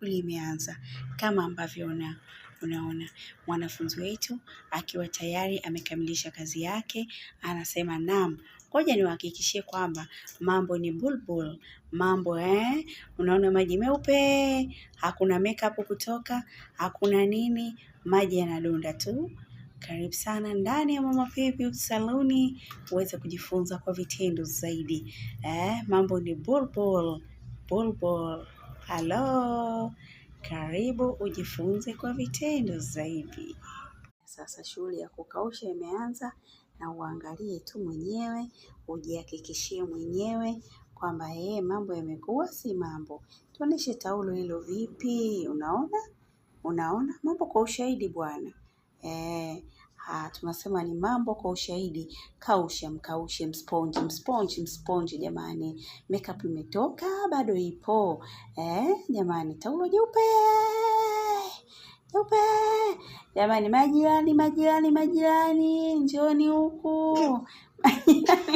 limeanza kama ambavyo una unaona mwanafunzi wetu akiwa tayari amekamilisha kazi yake, anasema naam, ngoja niwahakikishie kwamba mambo ni bulbul, mambo eh, unaona maji meupe, hakuna makeup kutoka, hakuna nini, maji yanadonda tu. Karibu sana ndani ya Mama Pia Saluni uweze kujifunza kwa vitendo zaidi eh, mambo ni bulbul bulbul. Halo, karibu ujifunze kwa vitendo zaidi. Sasa shughuli ya kukausha imeanza, na uangalie tu mwenyewe, ujihakikishie mwenyewe kwamba yeye eh, mambo yamekuwa si mambo. Tuoneshe taulo hilo vipi? Unaona, unaona mambo kwa ushahidi bwana eh. Ha, tunasema ni mambo kwa ushahidi. Kausha mkaushe, msponji msponji msponji. Jamani, makeup imetoka bado ipo eh? Jamani, taulo jeupe jeupe. Jamani, majirani majirani majirani, njoni huku majirani.